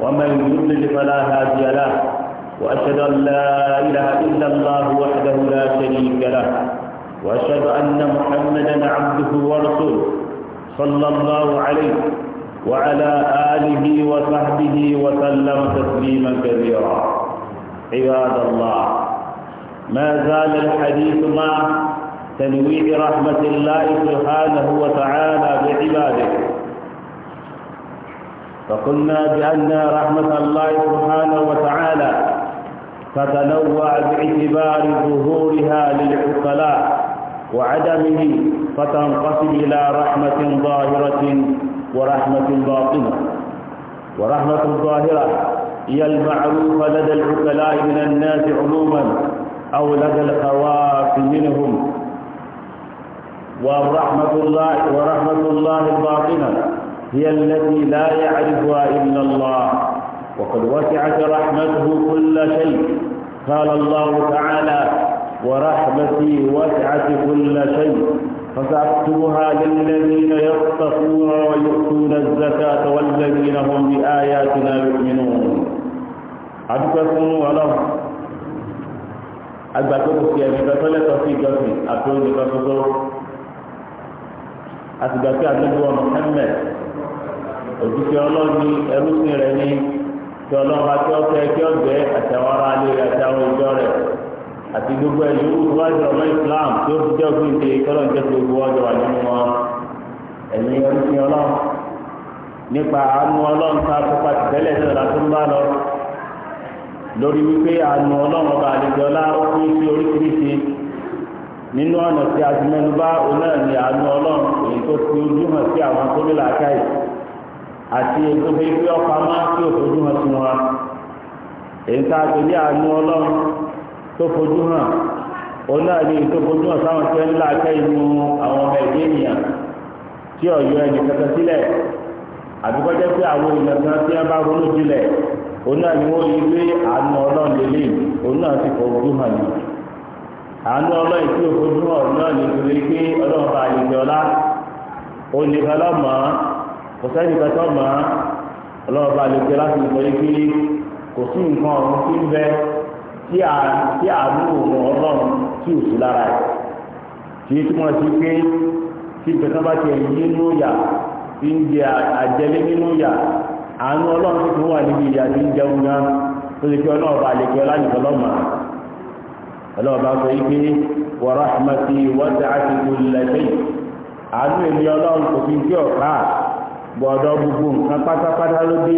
ومن يضلل فلا هادي له وأشهد أن لا إله إلا الله وحده لا شريك له وأشهد أن محمدا عبده ورسوله صلى الله عليه وعلى آله وصحبه وسلم تسليما كثيرا عباد الله ما زال الحديث مع تنويع رحمة الله سبحانه وتعالى بعباده فقلنا بأن رحمة الله سبحانه وتعالى تتنوع باعتبار ظهورها للعقلاء وعدمه فتنقسم إلى رحمة ظاهرة ورحمة باطنة ورحمة الظاهرة هي المعروفة لدى العقلاء من الناس عموما أو لدى الخواص منهم ورحمة الله, ورحمة الله الباطنة هي التي لا يعرفها إلا الله وقد وسعت رحمته كل شيء قال الله تعالى ورحمتي وسعت كل شيء فسأكتبها للذين يتقون ويؤتون الزكاة والذين هم بآياتنا يؤمنون أدكتم ولهم agbàtọ́kù في ẹni gbàtọ́ lẹ́tọ̀ọ́ sí ìjọsìn àti oúnjẹ kan tuntun àtìgbà òjijì ọlọ́ọ̀ni ẹrúsìn rẹ̀ ní tí ọlọ́run bá tí ó fẹ́ kí ọ̀gbẹ́ àtàwọn ará ilé rẹ̀ àtàwọn ìjọ rẹ̀ àti gbogbo ẹ̀yìn owó tó bá jọ ọmọ Islam tí ó fi jẹ́ òfin ìdè kọ́lọ̀ jẹ́ gbogbo ọjọ́ wà nínú wọn ẹ̀yìn ẹrúsìn ọlọ́run nípa àánú ọlọ́run ká kópa tìtẹ́lẹ̀ náà látó ń bá lọ lórí wípé àánú ọlọ́run ọba àdìjọlá ó fi àti ètò ìgbé ọkọ̀ máa ń fi òfojú hàn sí wọn èyí tá a tẹ̀lé àánú ọlọ́run tó fojú hàn òun náà ní ètò fojú hàn sáwọn tí wọ́n ń là kẹ́ inú àwọn ọmọ ẹ̀dẹ́ ènìyàn tí ọ̀yọ́ ẹni kẹta sílẹ̀ àbíkọ́jẹ́ pé àwọn èèyàn kan tí wọ́n bá ronú jinlẹ̀ òun náà ni wọ́n yí pé àánú ọlọ́run lélẹ̀ òun náà sì fojú hàn ní àánú ọlọ́run tí òfojú hàn náà ní ìtòlé pé ọlọ́run bá àlejò kò sẹ́ni kẹtọ́ mọ́ ọlọ́ọ̀bá lè jẹ́ láti sọ ibi kò sí nǹkan ọ̀run tí ń bẹ tí àánú òun ọlọ́run tí ò sí lára ẹ̀ tí túmọ̀ sí pé tí ìgbẹ́tọ́ bá ti ẹ̀yìn nínú yà tí ń jẹ àjẹlé nínú yà àánú ọlọ́run tí kò wà níbi ìyà tí ń jẹun gan tó lè fi ọlọ́ọ̀bá lè jẹ́ láti sọ lọ́mọ́ ọlọ́ọ̀bá sọ ibi wa rahmati wasi'at kulla shay àánú bọ̀dọ̀ gbogbo nǹkan pátápátá ló dé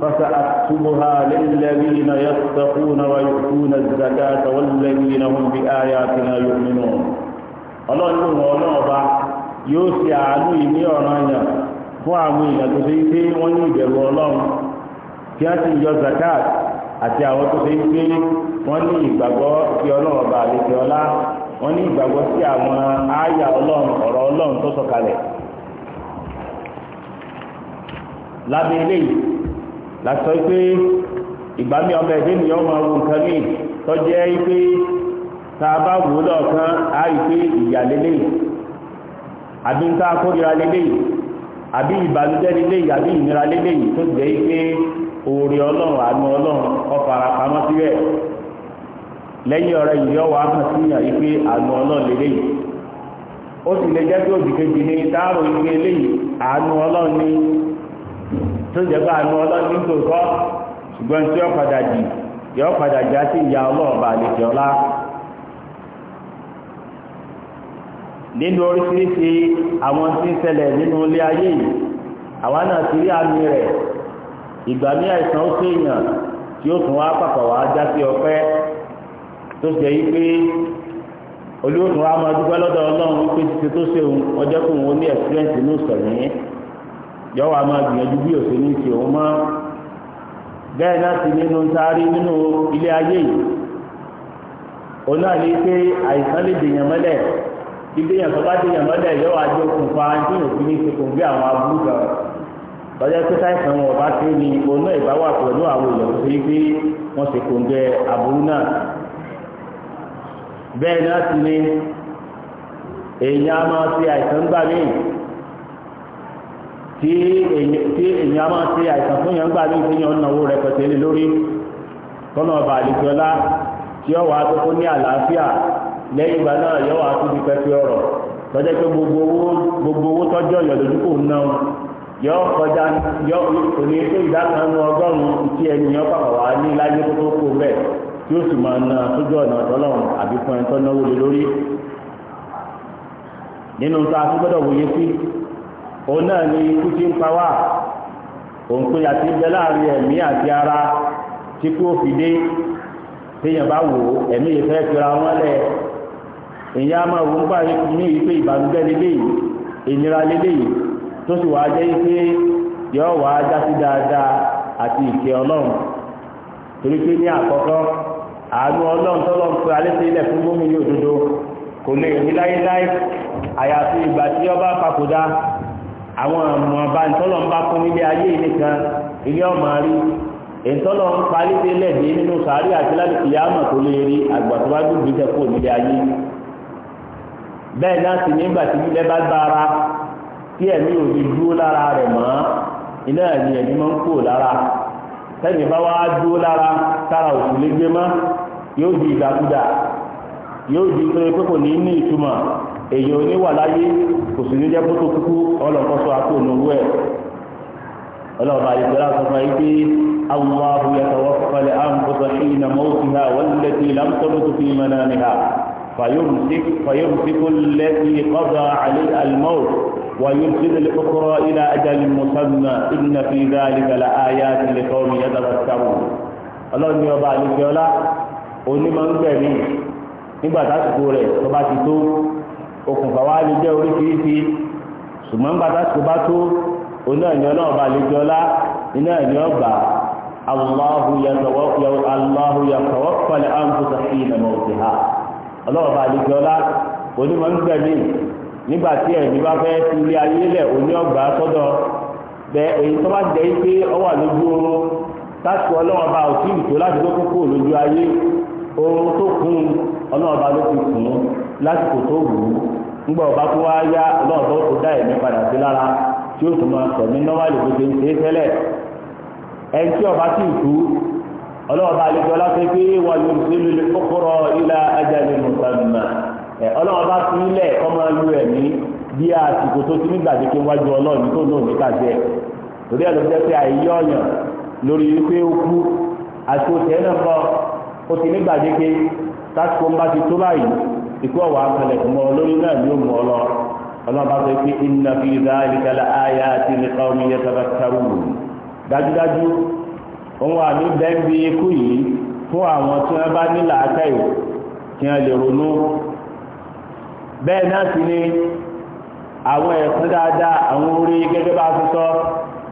fasa àtúbọ̀há lẹ́lẹ́rí na ya sẹ́kú na wa yòókù na zaka tàwọn lẹ́rí na wọn bí na yóò nínú ọlọ́run wọn yóò ṣe àánú yìí ní ọ̀ràn fún àwọn èèyàn tó wọ́n ní ìbẹ̀rù ọlọ́run kí yọ àti àwọn tó wọ́n ní ìgbàgbọ́ sí àlejò ọlá wọ́n ní ìgbàgbọ́ sí àwọn ọlọ́run lábẹ́ eléyìí lásọ pé ìgbà mi ọmọ ẹ̀dẹ́ nìyẹn máa wo nǹkan mi tọ́jú ẹ́ pé tá a bá wò ó lọ́ọ̀kan á rí pé ìyà lélẹ́yìí àbí nǹkan akórira lélẹ́yìí àbí ìbànújẹ́ lélẹ́yìí àbí ìnira lélẹ́yìí tó jẹ́ pé oore ọlọ́run àánú ọlọ́run ọ̀fara pamọ́ síbẹ̀ lẹ́yìn ọ̀rẹ́ yìí ọwọ́ àmọ́ sí ìyàn yìí pé àánú ọlọ́run lélẹ́yìí ó sì lè jẹ́ pé òbí kejì ní dáàrò ìgbé eléyìí àánú ọlọ́run ní tó jẹ́ pé àánú ọlọ́run tó kọ́ ṣùgbọ́n tí ó padà jì yọ padà já sí ìyá ọlọ́ọ̀bà àlejò ọlá nínú oríṣiríṣi àwọn tí ń nínú ilé ayé yìí àwa náà ti rí àmì rẹ̀ ìgbà ní àìsàn ó tí ó tún wá pàpà wá já sí tó yọ wà máa gbìyànjú bí òsè ní ti òun máa bẹ́ẹ̀ náà ti nínú sáré nínú ilé ayé yìí òun náà ní pé àìsàn lè dèèyàn mọ́lẹ̀ ìdèèyàn tó bá dèèyàn mọ́lẹ̀ yọ wà jẹ́ okùnfà tí òfin ní ti kò gbé àwọn aburú kan lọ́jọ́ pé sáìsàn wọn bá ti ní òun náà ìbá wà pẹ̀lú àwọn èèyàn tó yí pé wọ́n ṣe kò ń aburú náà bẹ́ẹ̀ náà ti ní èèyàn máa fi àìsàn gbà míì tí èèyàn máa ṣe àìsàn fún yẹn gbà ní ìṣẹ́yàn náwó rẹpẹtẹ lé lórí tọ́nà ọba àdìsọ́lá tí ó wà tó kó ní àlàáfíà lẹ́yìn ìgbà náà yóò tó di pẹ́pẹ́ tọ́jẹ́ pé gbogbo owó tọ́jọ́ náà yọ kọjá yọ òní tó ọgọ́rùn-ún tí pàpà ní láyé tó tó kó bẹ́ẹ̀ tí na òun náà ni ikú tí ń pa wá òun pé àti bẹ láàrin ẹ̀mí àti ara tí kú òfin dé téèyàn bá wò ó ẹ̀mí yìí fẹ́ fira wọn lẹ̀ èyàn á máa wò ó gbà ní ìpè ìbànújẹ́ lélẹ́yìí ìnira lélẹ́yìí tó sì wàá jẹ́ pé yọ wàá jásí dáadáa àti ìkẹ́ ọlọ́run torí pé ní àkọ́kọ́ àánú ọlọ́run tọ́lọ́ ń pe alẹ́ sí ilẹ̀ fún gómìnà òdodo kò lè rí láyéláyé àyàfi ìgbà tí ọba papòdà àwọn ọmọ ntọlọ ìtọ́lọ̀ ń bá fún ilé ayé nìkan ilé ọmọ rí ìtọ́lọ̀ ń parí dé lẹ́dí nínú sàárì àti láti ìyá tó lè rí ayé bẹ́ẹ̀ náà sì nígbà tí ilé bá gbára tí ẹ̀mí ò ní lára rẹ̀ mọ́ iná ẹ̀mí ẹ̀mí èyàn ní wà láyé kò sì ní jẹ́ kó tó kúkú ọlọ́kọ́sọ àkóònù owó ẹ̀ ọlọ́ọ̀bá ìgbéra sọ fún ayé Allahu yatawaffa al-anfusa hina mawtiha wallati lam tamut fi manamiha فيمسك التي قضى عليها الموت ويرسل الأخرى إلى أجل مسمى إن في ذلك لآيات لقوم يتفكرون ọlọ́run ní ọba àlejò ọlá onímọ̀ ń gbẹ̀mí nígbà okùnfà wa lè jẹ́ oríṣiríṣi ṣùgbọ́n bàtà tó bá tó oná ìyọ́ náà bá lè jọlá iná ìyọ́ gbà Allahu yatawaffal anfusa hina mawtiha ọlọ́wọ́ bá lè jọlá onímọ̀ ń gbẹ̀mí nígbà tí ẹ̀mí bá fẹ́ ti ilé ayé lẹ̀ oní ọgbà sọ́dọ̀ bẹ èyí tó bá jẹ́ pé ọ wà lójú oorun táṣù ọlọ́wọ́ kún ọlọ́wọ́ ló ti kùn ún lásìkò tó wù ú nígbà ọba tó wá yá ọlọ́ọ̀bọ tó dá ẹ̀mí padà sí lára tí ó tún máa tẹ̀mí nọ́wálì gbogbo tẹ́lẹ̀ ẹni tí ọba sì kú ọlọ́ọ̀bá àlejò wà kọ́kọ́rọ́ ilá mùsàlùmá ọlọ́ọ̀bá ilẹ̀ lu ẹ̀mí bí àsìkò tó ti nígbà kí wájú ọlọ́ọ̀ni tó ikú ọ̀wà akẹlẹ̀ mọ́ olórí náà ni ó mọ́ ọ lọ ọlọ́ba sọ pé iná fi dhalika la ayatin li qawmin yatafakkarun dájúdájú òun àmì bẹ́ẹ̀bí ikú yìí fún àwọn tí wọ́n bá ní làákàyè kí wọ́n lè ronú bẹ́ẹ̀ náà sì ni àwọn ẹ̀sán dáadáa àwọn orí gẹ́gẹ́ bá ti sọ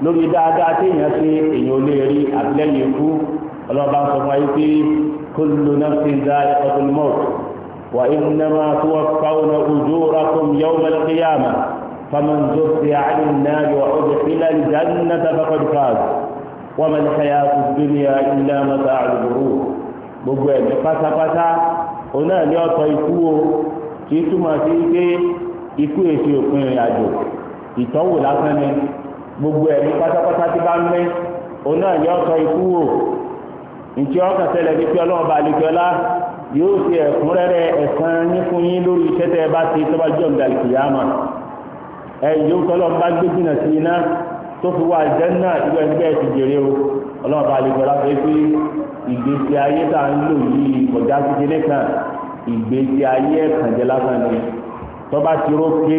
lórí dáadáa tí èèyàn ṣe èèyàn lè rí àtìlẹ́yìn ikú ọlọ́ba sọ fún ayé pé kullu nafsin dha'iqatul maut وإنما توفون أجوركم يوم القيامة فمن زرت عن النار وأدخل الجنة فقد فاز وما الحياة الدنيا إلا متاع الغرور gbogbo ẹ̀mí pátápátá òun náà ní ọ̀tọ̀ ikú o kì í túmọ̀ sí pé ikú èsì òpin ìrìn àjò ìtọ́wò lásán ni gbogbo ẹ̀mí pátápátá ti bá ń mẹ́ òun náà ní ọ̀tọ̀ ikú o ntí ọkàn tẹ́lẹ̀ ní pé ọlọ́run bá àlejò ọlá yóò ṣe ẹ̀kúnrẹ́rẹ́ ẹ̀san yín fún yín lórí iṣẹ́ tẹ́ ẹ bá ṣe tó bá jọ ìgbà ìkìyàmà ẹ yóò tọ́lọ́ bá gbé jìnnà sí iná tó fi wá àlùjánnà ìlú ẹgbẹ́ ti jèrè o ọlọ́run bá lè gbọ́ láfẹ́ pé ìgbésí ayé tá à ń lò yìí kọjá kékeré kan ìgbésí ayé ẹ̀kan jẹ́ lásán ni tó ti ró pé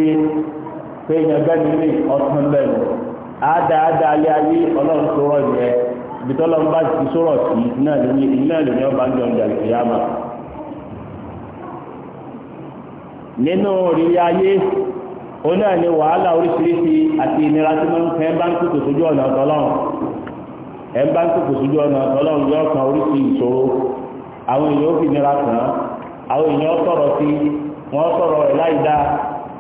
pé èèyàn gbẹ́ni lè ọtún bẹ́ẹ̀ àádá àádá alẹ́ ayé ọlọ́run sọ̀rọ̀ yẹn ibi tọ́lọ́run bá ti sọ̀rọ̀ sí náà lóní ọba ń jọ ìjà nínú rírí ayé òun náà wàhálà oríṣiríṣi àti ìnira tí wọ́n ń fẹ́ bá ń sójú ọ̀nà ọ̀tọ́lọ́run ẹ̀ ń bá ń kókò sójú ọ̀nà ọ̀tọ́lọ́run yóò kan ìṣòro àwọn èèyàn fi nira kàn án àwọn èèyàn sọ̀rọ̀ sí wọ́n sọ̀rọ̀ ẹ̀ láì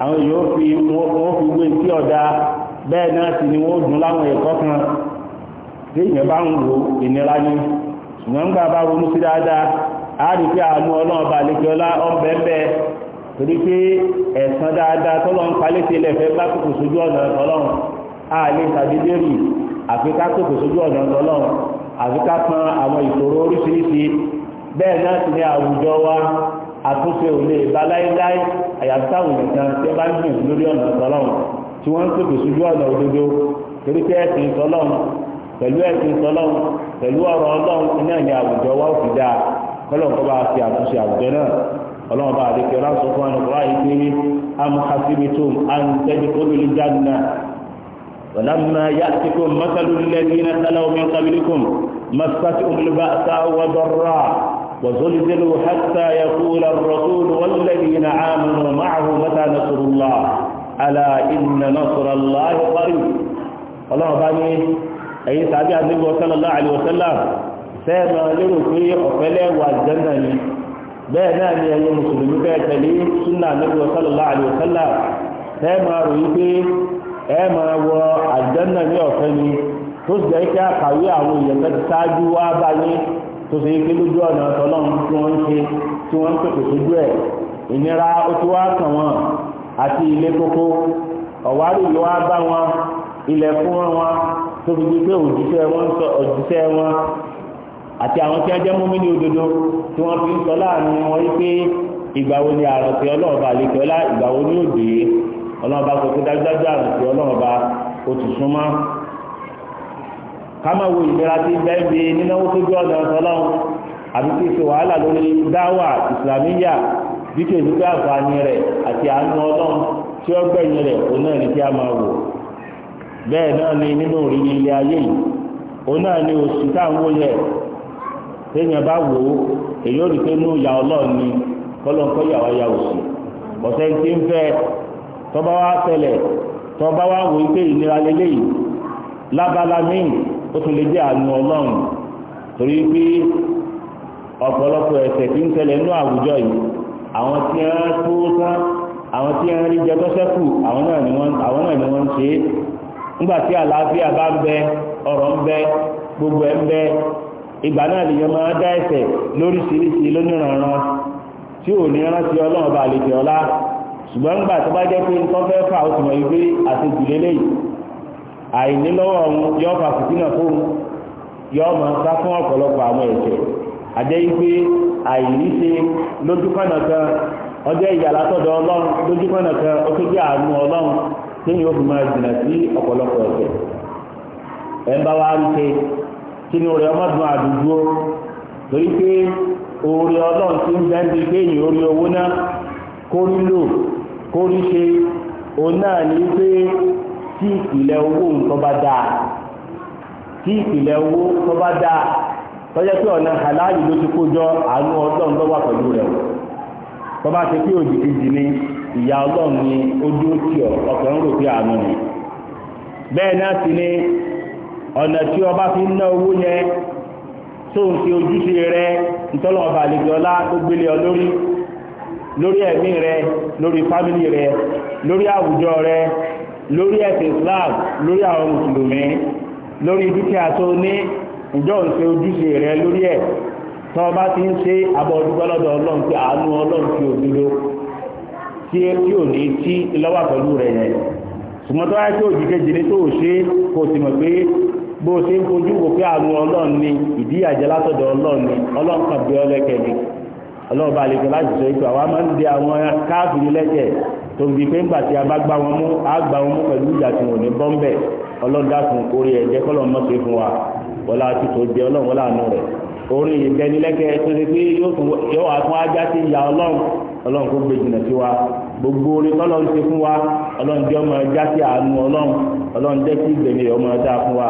àwọn èèyàn fi wọ́n fi wé sí ọ̀dà bẹ́ẹ̀ náà sì ni wọ́n dùn láwọn ẹ̀kọ́ kan tí èèyàn bá ń wo ìnira ni ṣùgbọ́n torí pé ẹ̀sán dáadáa tọ́lọ́ ń palẹ́ sí ilẹ̀ fẹ́ bá kòkò sójú ọ̀nà tọ́lọ́run a lè sàdédé rì àfi ká kòkò sójú ọ̀nà tọ́lọ́run àfi ká kan àwọn ìṣòro oríṣiríṣi bẹ́ẹ̀ náà sì ni àwùjọ wa àtúnṣe ò lè bá láéláé àyàfi táwọn èèyàn kan tí wọ́n bá ń gbìn lórí ọ̀nà tọ́lọ́run tí wọ́n ń kòkò sójú ọ̀nà òdodo torí pé ẹ̀sìn tọ́lọ́run pẹ̀lú ẹ̀sìn tọ́lọ́run pẹ̀lú ọ̀rọ̀ ọlọ́run iná ni àwùjọ wa ò fi dáa kọ́lọ̀ kọ́ bá fi àtúnṣe àwùjọ náà ọlọ́run bá àdékẹ́ ọlọ́sọ fún ẹnu kúrọ́ yìí pé amuhasibitum antẹ́dìkọ́lù lè jáde ولما يأتكم مثل الذين خلوا من قبلكم مستهم البأساء والضراء وزلزلوا حتى يقول الرسول والذين آمنوا معه متى نصر الله ألا إن نصر الله قريب الله بني أي سابع النبي صلى الله عليه وسلم سيما لرسول أفلي والجنة bẹ́ẹ̀ náà ni ẹ̀yin musulmi bẹ́ẹ̀ tẹ̀lé suna Ànábì sallallahu alaihi wasallam ẹ máa rò yí pé ẹ máa wọ ní ọ̀fẹ́ ni tó sì jẹ́ kí àkàwé àwọn èèyàn tó ti wá bá yín tó sì lójú ọ̀nà ọ̀tọ̀lọ́run tí wọ́n ń ṣe tí wọ́n ń pèpè sójú ẹ̀ ti wá kàn wọ́n àti ilé kókó ọ̀wárí yìí wá fi di àti àwọn tí wọ́n jẹ́ mú mi ní tí wọ́n fi ń sọ láàrin wọn wípé ni àròsí ọlọ́ọ̀ba àlekè ọlá ìgbà ni ó dé ọlọ́ọ̀ba sọ pé dájúdájú àròsí ó ti súnmọ́ ká ìlera nínáwó tó jẹ́ ọ̀dọ̀ tí wàhálà lórí dáwà ìsìlámíyà bí a máa nínú ilé ayé yìí òun náà ni oṣù táwọn téèyàn bá wò ó èyí ò rí pé inú ìyá ọlọ́run ni kọ́lọ́ńkọ́ ìyàwó ya òsì ọ̀sẹ̀ tí ń fẹ́ tọ́ba wá tẹ̀lẹ̀ tọ́ba wá wò ó pé ìnira lélẹ́yìí lábala míì ó tún lè jẹ́ àánú ọlọ́run torí pé ọ̀pọ̀lọpọ̀ ẹ̀ṣẹ̀ tí ń tẹ̀lẹ̀ inú àwùjọ yìí àwọn tí wọ́n tó tán àwọn tí wọ́n rí jẹ tọ́sẹ́kù àwọn náà ni wọ́n ń ṣe é nígbà tí àlàáfíà bá ń bẹ ọ̀rọ̀ ń bẹ gbogbo ẹ̀ ń bẹ ìgbà náà lèyàn máa dá ẹ̀ṣẹ̀ lóríṣiríṣi lóníranran tí ò ní rántí ọlọ́run bá lè jẹ ọlá ṣùgbọ́n nígbà tó bá jẹ́ pé nǹkan fẹ́ fà ó ti mọ̀ wípé àìní lọ́wọ́ yọ fà fìtínà fóun yọ máa sá fún ọ̀pọ̀lọpọ̀ àwọn ẹ̀ṣẹ̀ àjẹ́ wípé àìní ṣe lójúkọ̀nà kan ọjọ́ ìyàlá tọ̀dọ̀ ọlọ́run lójúkọ̀nà kan ó tó jẹ́ sínú rẹ̀ ọmọdún àdúgbò torí pé oore ọlọ́run ti ń bẹ́ẹ̀bí kéyìn orí owó náà kó nílò kó rí ṣe o náà ní pé tí ìpìlẹ̀ owó nǹkan bá dáa tí ìpìlẹ̀ owó bá dáa tọ́jẹ́ pé ọ̀nà halali ló ti kójọ àánú ọlọ́run lọ́wọ́ pẹ̀lú rẹ̀ tó bá ṣe pé òjì kejì ni ìyá ọlọ́run ni ni ọ̀nà tí ọba fi ń ná owó yẹn tó ń fi ojúṣe rẹ ntọ́lọ́wọ́ balẹ̀gbẹ̀ ọlá tó gbélé ọ lórí lórí ẹ̀mí rẹ lórí fámìlì rẹ lórí àwùjọ rẹ lórí ẹ̀sìn Islam lórí àwọn mùsùlùmí lórí dúkìá tó ní ìjọ ń ṣe ojúṣe rẹ lórí ẹ̀ tó ọba ti ń ṣe abọ́dúgbọ́lọ́dọ̀ ọlọ́run pé àánú ọlọ́run fi òdúró tí ò ní tí lọ́wọ́ pẹ̀lú rẹ̀ yẹn ṣùgbọ́n tó tó òjì kejì ní tó ò ṣe kò sì mọ̀ pé bó o ṣe ń fojú wò pé àánú ọlọ́run ni ìdí àjẹ látọ̀dọ̀ ọlọ́run ni ọlọ́run kan bí ọlẹ́kẹ̀ ni ọlọ́run bá lè fẹ́ láti sọ ìgbà wa máa ń de àwọn káàkiri lẹ́jẹ̀ tó ń di pé ńgbà tí a bá gbá wọn mú á gbá wọn mú pẹ̀lú ìjà tí wọn ò ní bọ́ ń bẹ̀ ọlọ́run dákun orí ẹ̀jẹ̀ kọ́lọ́ mọ́ ṣe fún wa wọlá títò jẹ ọlọ́run wọlá àánú rẹ̀ orin ìdẹnilẹ́kẹ́ tó ṣe pé yóò wá fún ajá sí ìyá ọlọ́run ọlọ́run kó gbé jìnnà sí wa gbogbo orin tọ́lọ́run ṣe fún wa ọlọ́run jẹ́ ọmọ ajá sí àánú ọlọ́run ọlọ́run jẹ́ sí ìgbẹ̀mí ọmọ ajá fún wa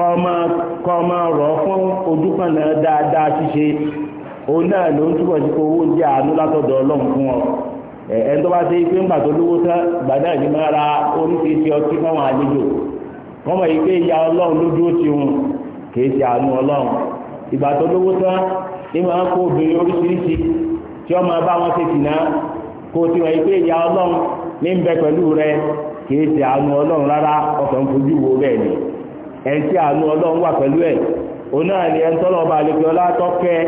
kọma máa rọ̀ fún ojúkànnà dáadáa ṣíṣe o náà ló ń túbọ̀ sí owó jẹ́ àánú látọ̀dọ̀ ọlọ́run fún ọ ẹ̀ tó bá ṣe pé ńgbà tó lówó tán máa ra oríṣiríṣi ọtí fáwọn àlejò wọ́n mọ̀ yìí pé ìyá ọlọ́run ti kì í ṣe àánú ọlọ́run ìgbà tó lówó tán ní máa kó obìnrin oríṣiríṣi tí ọmọ bá wọn ṣe tìǹà kó yìí pé ìyá ọlọ́run ní ń ẹni anụ àánú ọlọ́run wà pẹ̀lú ẹ̀ òun náà ni ẹni tọ́lọ́ ọba àlejò ọlá tọ́kẹ́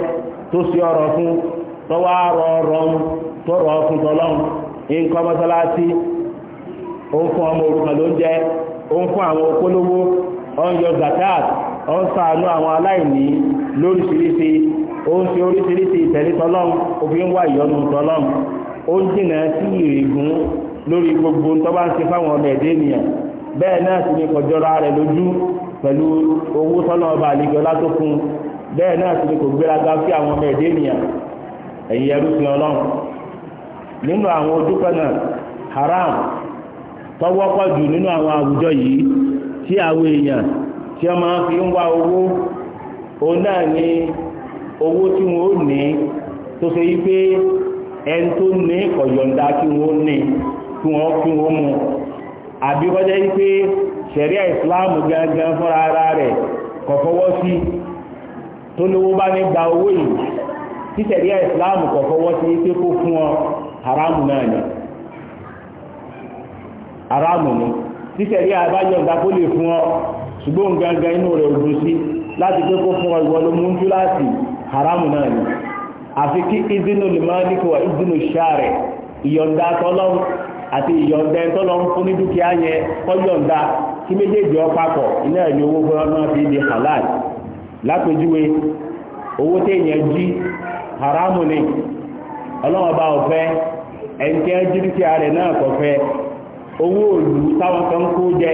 tó sí ọ̀rọ̀ fún tọ́wọ́ àrọ̀ ọ̀rọ̀ tọ́rọ̀ fún tọ́lọ́run nǹkan mọ́sálásí ó fún ọmọ òrukàn ló ń jẹ ó fún àwọn okólówó ó yọ zakat ó ń àwọn aláìní lóríṣiríṣi fi oríṣiríṣi ìtẹ̀lé tọ́lọ́run ìyọnu tọ́lọ́run bẹ́ẹ̀ náà sì ni kò rẹ̀ lójú pẹ̀lú owó tọ́nà ọba àlejò látó bẹ́ẹ̀ náà kò gbéraga àwọn ọmọ ẹ̀dẹ́ ènìyàn ẹ̀yìn ẹrú ọlọ́run nínú àwọn ojúpẹ́ náà haram tọ́wọ́pọ̀ jù nínú àwọn àwùjọ yìí tí àwọn èèyàn tí wọ́n máa fi ń wá owó òun náà ni owó tí wọ́n ní tó ṣe yí pé ẹni tó ní kí wọ́n àbí kọjá yìí pé ṣẹ̀ríà ìsìláàmù gangan fúnra ara rẹ̀ kò fọwọ́ sí tó lówó bá ní gba owó yìí tí ṣẹ̀ríà ìsìláàmù kò sí pé kó fún ọ haramu náà ni haramu ni tí ṣẹ̀ríà àbájọ ìgbà kó lè fún ọ ṣùgbọ́n gangan inú rẹ̀ òdò sí láti pé kó fún ọ ìwọ ló mú jú láti haramu náà ni àfi kí ìdínú lè máa níkò ìdínú ṣáà rẹ̀ ìyọ̀ǹda tọ́lọ́run àti ìyọ̀ǹda ẹ̀ tọ́lọ fún ní dúkìá yẹn kọ́yọ̀ǹda kí méjèèjì ọ̀pápọ̀ iná ẹ̀ owó fún náà fi di halal lápèjúwe owó téèyàn jí haramu ni ọlọ́wọ́n bá ọ̀fẹ́ ẹ̀ǹkẹ́ jí rẹ̀ náà kọ̀fẹ́ owó òlù táwọn kan kó jẹ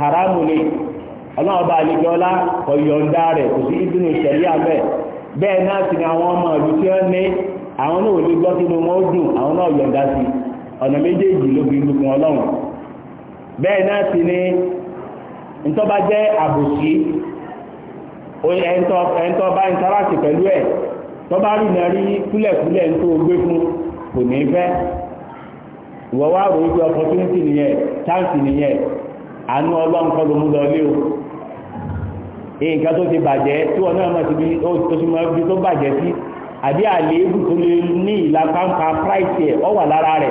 haramu ni rẹ̀ náà sì àwọn ọmọ ìlú tí àwọn náà ò gbọ́ àwọn náà ọ̀nà méjèèjì ló fi gbogbo ọlọ́run bẹ́ẹ̀ náà sì ni ntọ́ba jẹ́ àbòsí ẹ̀ńtọ́ bá ń sáráàsì pẹ̀lú ẹ̀ tọ́ba rí rí kúlẹ̀kúlẹ̀ ń tó gbé fún kò ní fẹ́ ìwọ rò wípé nìyẹn chance nìyẹn àánú ọlọ́run kọ́ mú o ti ti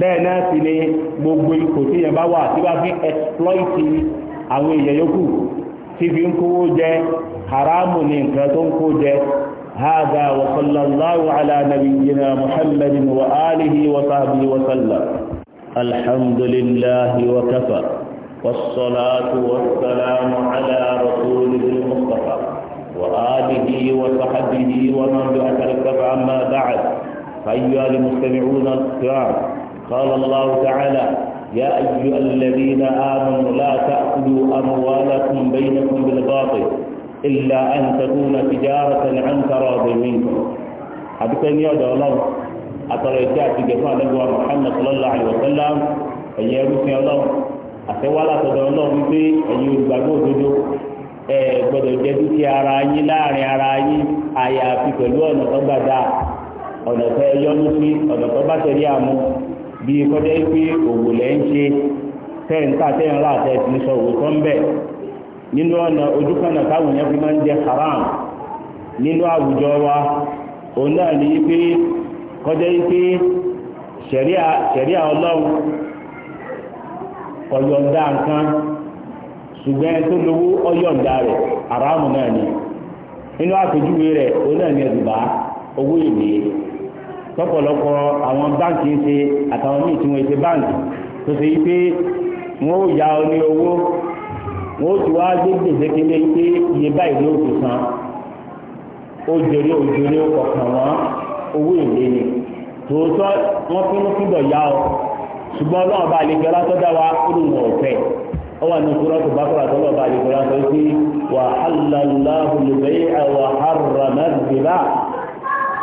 bẹ́ẹ̀ náà sì ni gbogbo ipò tí yẹn bá wà tí wọ́n fi exploit àwọn èèyàn yòókù tí fi ń kówó jẹ haramu ní nǹkan tó ń kó jẹ هذا وصلى الله على نبينا محمد وآله وصحبه وسلم الحمد لله وكفى والصلاة والسلام على رسوله المصطفى وآله وصحبه ومن بأثر الكفى أما بعد فأيها المستمعون الكرام قال الله تعالى يا أيها الذين آمنوا لا تأكلوا أموالكم بينكم بالباطل إلا أن تكون تجارة عن تراض منكم أبكن يا الله أترى جاءت جفاء نبوة محمد صلى الله عليه وسلم أي أبكن الله àtẹwálà tọ̀dọ̀ ọlọ́run pé ẹ̀yin olùgbàgbọ́ òdodo ẹ gbọ́dọ̀ jẹ dúkìá ara yín láàrin ara yín àyàfi pẹ̀lú ọ̀nà tó gbàdá ọ̀nà tó ẹyọ́nú sí ọ̀nà tó bá tẹ̀lé àmú bí kọjá pé òwò lẹ́ ń ṣe tẹ́ǹtà tẹ́ǹrà àtẹ̀sí sọ òwò ń bẹ̀ nínú ọ̀nà ojúkànnà táwọn èèyàn fi máa ń haram nínú àwùjọ wa òun náà ní pé kọjá pé ṣẹ̀ríà ọlọ́run ọ̀yọ̀ǹda nǹkan ṣùgbọ́n tó lówó ọ̀yọ̀ǹda rẹ̀ haram náà ni nínú àpèjúwe rẹ̀ òun náà ní ẹ̀dùbá owó ìwé tọ́pọ̀lọpọ̀ àwọn báǹkì ṣe àtàwọn míì tí wọ́n ṣe báǹkì tó ṣe yí pé wọ́n ó ya ọ ní owó wọ́n ó ti wá gbé gbèsè kéde pé iye báyìí ló ti san ó jèrè ó jèrè ọ̀kan wọn owó èlé ni tòótọ́ wọ́n pinnu fúdọ̀ ya ọ ṣùgbọ́n ọlọ́run bá àlejò látọ́dá wa ó lè ọ̀fẹ́ ó wà ní ìṣúra tó bá kọ́ra tó lọ́ọ́ bá àlejò látọ́ sí wàhálà láhùn lè bẹ́ẹ̀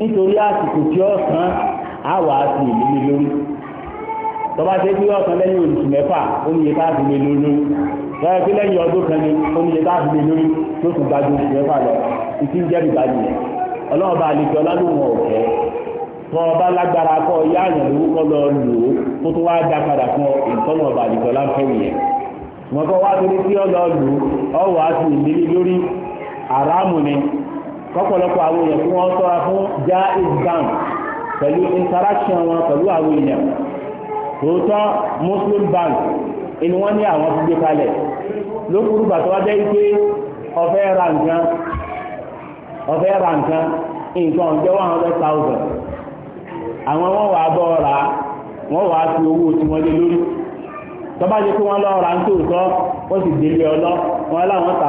nítorí àsìkò tí ọ̀sán àwọ̀ àti ìlúmi lórí tọba tẹ́ tí lẹ́yìn mẹ́fà a lórí lọ́yẹ̀ pé lẹ́yìn ọdún kan ní a lórí tó tún gbajú oṣù mẹ́fà lọ ìtí ń jẹ́ ìbájú àlejò ọ̀fẹ́ tọ́ ọba lágbára kọ́ àyàn lówó kọ́ lọ lò ó kó kọ́pọ̀lọpọ̀ àwọn èèyàn tí wọ́n sọ́ra fún bank pẹ̀lú interaction wọn pẹ̀lú àwọn èèyàn tòótọ́ muslim bank ni wọ́n ní àwọn ti gbé kalẹ̀ lókùrú bàtọ́ wá nke pé ọ̀fẹ́ ra nǹkan ọ̀fẹ́ ra nǹkan nǹkan jẹ́ one hundred thousand àwọn wọ́n wàá bọ́ ra wàá fi owó tí wọ́n lé lórí tọ́ba jẹ́ pé wọ́n ra ń tòótọ́ wọ́n sì délé ọlọ́ wọn láwọn tà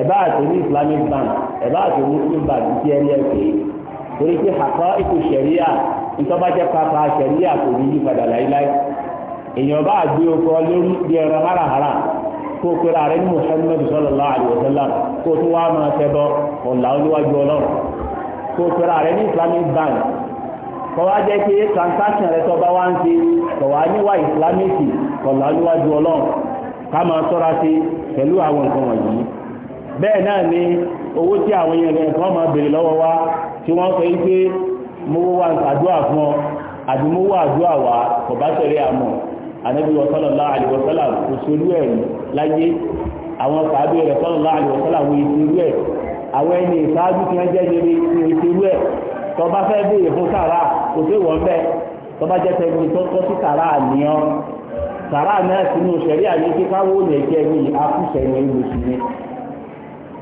ẹ̀bá àti ní islamic bank ẹ̀bá àti muslim bank ti ẹni ẹ̀kẹ́ torí pé àkọ́ ikú sẹ̀ríà ìtọ́ba jẹ́ pàpà sẹ̀ríà kò ní yí padà láíláí èèyàn bá gbé ọkọ lórí bí ẹran hárahárà kó o pera rẹ ní muhammed sallallahu alayhi wa sallam kó o tún wá máa tẹbọ ọ̀là olúwájú ọlọ́run kó o pera rẹ ní islamic bank kọ́wá jẹ́ pé transaction rẹ tọ́ba wá ń ṣe kọ̀wá níwá islamic ọ̀là olúwájú ọlọ́run ká máa tọ́ra sí pẹ̀lú àwọn nǹkan wọ̀nyí bẹ́ẹ̀ náà ni owó tí àwọn èèyàn rẹ̀ kan máa bèèrè lọ́wọ́ wa tí wọ́n sọ yí pé mówó wà àdúrà fún ọ àti mówó àdúrà wà kò bá tẹ̀lé àmọ́ ànábì sallallahu alaihi wasallam kò solú ẹ̀ láyé àwọn sàábì rẹ̀ sallallahu alaihi wasallam wo ìṣerú ẹ̀ àwọn ẹni ìṣáájú tí wọ́n jẹ́ níbi ìṣerú ẹ̀ tó bá fẹ́ bèèrè fún sàrà kò sí wọ́n bẹ́ẹ̀ tó bá jẹ́ tẹ̀lé tó tọ́ sí sàrà àníyàn sàrà náà sínú ṣẹ̀rí àyè kíkáwó lè jẹ́ ní akúṣẹ̀ ní ìlú sí ni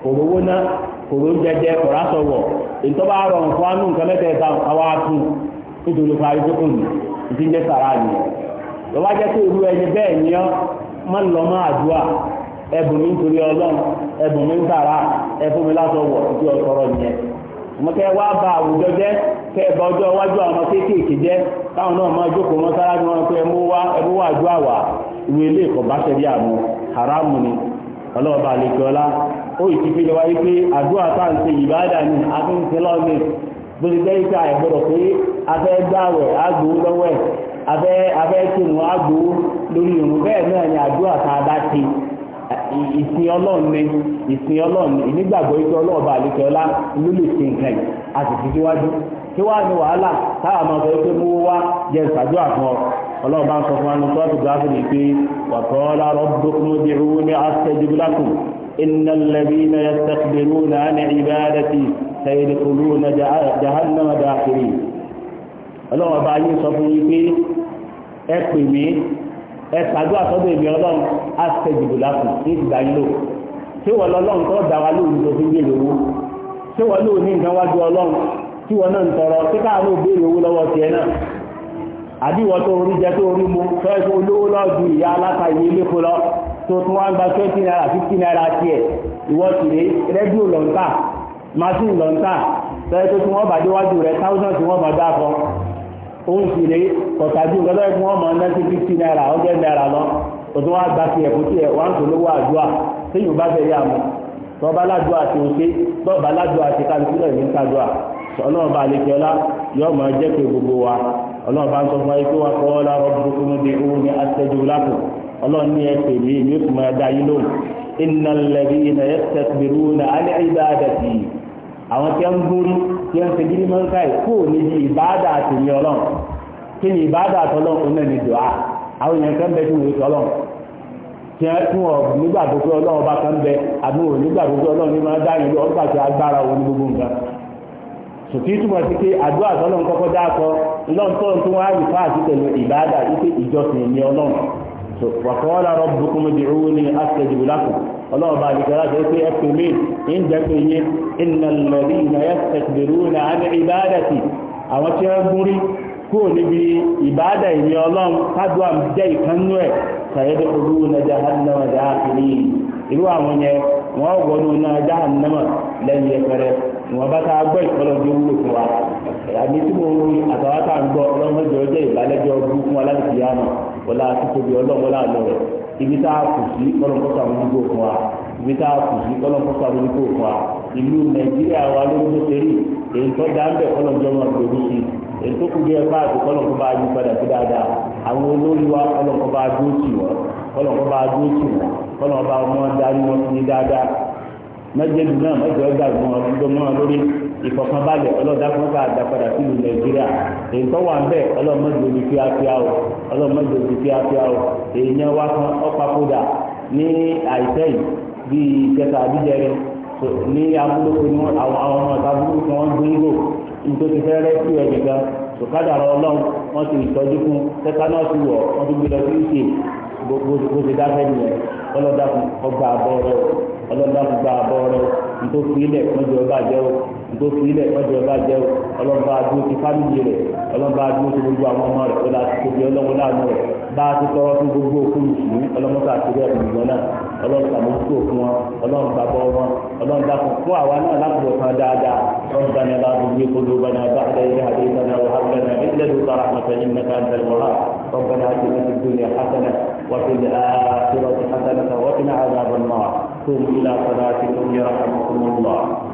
kòrò owó ná kòrò jẹjẹ kòrò asọ̀wọ̀ ìtọ́ba rọrùn fún anú nǹkan mẹ́tẹ̀ẹ̀ta àwa tún nítorí parí tó kùn ìdí jẹ́ sàrà ni lọ́wọ́ jẹ́ pé irú ẹni bẹ́ẹ̀ ni ọ́ má lọ àdúrà ẹ̀bùn mi nítorí ọlọ́run ẹ̀bùn mi sàrà ẹ̀fún mi ìdí wá àwùjọ jẹ́ ó ì fi lọ wáyé pé àdúrà tá ń ni a fi ń ìta ìgbọ́dọ̀ pé afẹ́ afẹ́ ni àdúrà a bá ti ìsìn ọlọ́run ìsìn ọlọ́run ìnígbàgbọ́ ikú ọlọ́ọ̀bà àlejò ọlá ló lè nǹkan yìí a sì fi síwájú kí wàá ní wàhálà táwọn ọmọ ọ̀sẹ̀ pé mú wá jẹ ìsàdúrà fún ọ ọlọ́run ń sọ fún إن الذين يستكبرون عن عبادتي سيدخلون جهنم داخلين ọlọ́wọ́ bá yín sọ fún yín pé ẹ pè mí ẹ ṣàdó àsọdọ̀ èmi ọlọ́run á ṣèjìbò lápò ní ìgbà yín lò ṣé wọ́n lọ́lọ́run tó dá wa lóòrùn tó fi ń béèrè owó ṣé wọ́n lóòrùn ní nǹkan wájú ọlọ́run tí wọ́n náà ń tọrọ ṣé káàánú béèrè owó lọ́wọ́ tiẹ̀ náà àbí wọ́n tó orí jẹ tó orí mu fẹ́ẹ́ fún olówó lọ́ọ́ ju ìyá aláta ìyẹlẹ́kọ lọ tó tún wá ń gba twenty naira fifty naira tiẹ̀ ìwọ sì rè rédíò lọ́ńtà machine lọ́ńtà tẹ́lẹ̀ tó tún wọ́n bàjẹ́ wájú rẹ̀ thousand tí wọ́n máa dá fọ́ òun sì rè kọ̀tàdì ìgbàlódé tí wọ́n máa ná sí fifty naira hundred naira lọ tó tún wá gba tiẹ̀ kó tiẹ̀ wá ń tó lówó àdúrà téèyàn bá fẹ́ yà mọ́ tọ́ba ládùú àti òṣè tọ́ba ládùú àti kálukúlẹ̀ ní kádùá ọlọ́run bá lè jọlá yọ máa jẹ́ pé gbogbo wa ọlọ́run bá ń sọ fún ayé pé wà kọ́ ọ́ lárọ́ burúkú ní bí òun ní àtẹ́jú lápò ọlọ́run ní ẹsẹ̀ mi mi kò máa da yín lóhùn innal ladina yastakbiruna an ibadati àwọn tí wọ́n ń gbórí tí wọ́n ń ṣe gírí mọ́ńká yìí kó o níbi ìbáàdà àtẹ̀mí ọlọ́run kí ni ìbáàdà àtọ́lọ́run náà ní dùá àwọn èèyàn kan bẹ tí wọ́n sọ ọlọ́run tí wọ́n tún ọ̀ nígbàgbọ́ pé ọlọ́run bá kan bẹ àbí wọ́n nígbàgbọ́ pé ọlọ́run ní máa dá yín lóhùn ọgbà tí agbára wọn ní gbogbo nǹkan sòtí túmọ̀ sí pé àdúrà tọ́lọ́run kọ́kọ́ dáàkọ́ ńlọ́ntọ́n tó wá fáàsì pẹ̀lú ìbáàdà wípé ìjọsìn ní ọlọ́run wàkọ́ọ́lá rọ̀bù kúmù dìrú ní asẹ̀jìbù lákùn ọlọ́ọ̀bá àdìkẹ́lá jẹ́ pé ẹ̀kù mi ń jẹ́ pé yé iná lọ́rí na yẹ́sẹ̀kìdìrú na àmì ìbádàtì àwọn tí wọ́n gúnrí kúrò níbi ìbádà ìní ọlọ́run kádùá jẹ́ ìkánú ẹ̀ kàyẹ́dẹ́ olú àmì tí mo wí àtàwọn tá à ń gbọ́ ọlọ́mọdé ọjọ́ ìbálẹ́jọ́ burúkú aláìsí àmọ́ ọlá àtúntòbí ọlọ́mọlá àlọ́ rẹ̀ ibi tá a kù sí ọlọ́mọkọ́sọ àmójúkò fún wa ibi tá a kù sí ọlọ́mọkọ́sọ àmójúkò fún wa ìlú nàìjíríà wa ló ń gbé sẹ́rí èyí tó dá ń bẹ̀ kọ́lọ́mọdé ọmọ àgbèrú sí èyí tó kù bí ẹ báàgì kọ́lọ́mọkọ́ bá yí padà sí dáadáa àwọn olórí wa kọ́lọ́mọkọ́ bá dúró tì wọ́n kọ́lọ́mọkọ́ bá dúró tì wọ́n kọ́lọ́mọkọ́ bá ọmọ darí wọn ní dáadáa mẹ́jẹ̀ẹ́dù náà mẹ́jọ ìfọ̀kànbalẹ̀ ọlọ́dàkùn ká àdàpadà sílùú nàìjíríà èyí tó wà ń bẹ̀ ọlọ́mọdé omi fíafíà o ọlọ́mọdé omi fíafíà o èèyàn wá kan ọ̀pákódà ní àìsẹ́ yìí bíi ìkẹta àbíjẹrẹ ní abúlókè ní àwọn ọmọ ọ̀tá abúlókè wọn gbóngbò nítorí fẹ́rẹ́ sí ẹ̀ nìkan sòkádà rọ ọlọ́run wọn ti ìtọ́jú fún tẹ́tánọ́ọ̀sì wọ̀ wọn ti gbé lọ sí ìṣe gbogbo ti dáfẹ́ nìyẹn ọlọ́dàkùn ọgbà àbọ̀ rẹ ọlọ́dàkùn gbà àbọ̀ rẹ nítorí ilẹ̀ mọ́jọ́ ọba jẹ́ tó fi ilẹ̀ ọjọ́ ọba jẹ́ ọlọ́ba adúró ti fámìlì rẹ̀ ọlọ́ba adúró ti gbogbo àwọn ọmọ rẹ̀ ọlá ti tóbi ọlọ́wọ́ láàánú rẹ̀ bá a ti tọrọ fún gbogbo òkú mùsùlùmí ọlọ́mọta àti rẹ̀ ìgbìmọ̀ náà ọlọ́run sàmójútó fún wọn ọlọ́run gbàgbọ́ wọn ọlọ́run dákun fún àwa náà lápò kan dáadáa ọlọ́run dáná bá gbogbo èkó ló bá náà bá àdá ilé àdé ìdáná wà hàn lẹ́nà ilé ló bá rahmat ẹni